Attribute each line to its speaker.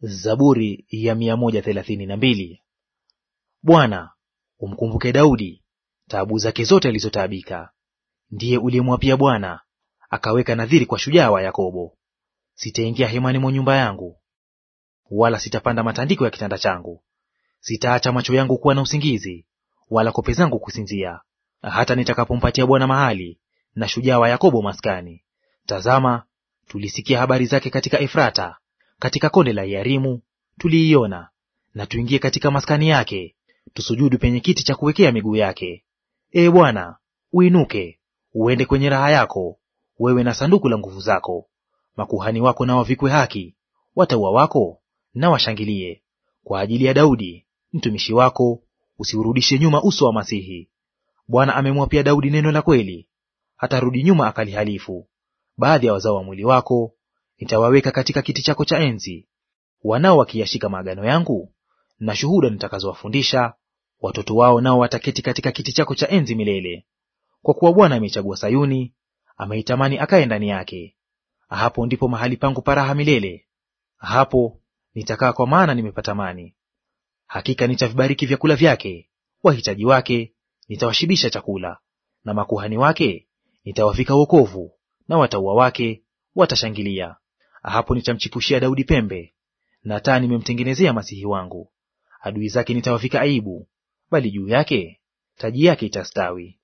Speaker 1: Zaburi ya Bwana, umkumbuke Daudi taabu zake zote alizotaabika. Ndiye uliyemwapia Bwana, akaweka nadhiri kwa shujaa wa Yakobo. Sitaingia hemani mwa nyumba yangu, wala sitapanda matandiko ya kitanda changu. Sitaacha macho yangu kuwa na usingizi, wala kope zangu kusinzia, hata nitakapompatia Bwana mahali na shujaa wa Yakobo maskani. Tazama, tulisikia habari zake katika Efrata, katika konde la Iarimu tuliiona, na tuingie katika maskani yake, tusujudu penye kiti cha kuwekea miguu yake. Ee Bwana, uinuke uende kwenye raha yako, wewe na sanduku la nguvu zako. Makuhani wako na wavikwe haki, watauwa wako na washangilie. Kwa ajili ya Daudi mtumishi wako, usiurudishe nyuma uso wa Masihi. Bwana amemwapia Daudi neno la kweli, hatarudi nyuma akalihalifu. Baadhi ya wazao wa mwili wako nitawaweka katika kiti chako cha enzi. Wanao wakiyashika maagano yangu na shuhuda nitakazowafundisha, watoto wao nao wataketi katika kiti chako cha enzi milele. Kwa kuwa Bwana ameichagua Sayuni, ameitamani akaye ndani yake. Hapo ndipo mahali pangu paraha milele, hapo nitakaa, kwa maana nimepatamani. Hakika nitavibariki vyakula vyake, wahitaji wake nitawashibisha chakula, na makuhani wake nitawavika wokovu, na watauwa wake watashangilia hapo nitamchipushia Daudi pembe, na taa nimemtengenezea masihi wangu. Adui zake nitawavika aibu, bali juu yake taji yake itastawi.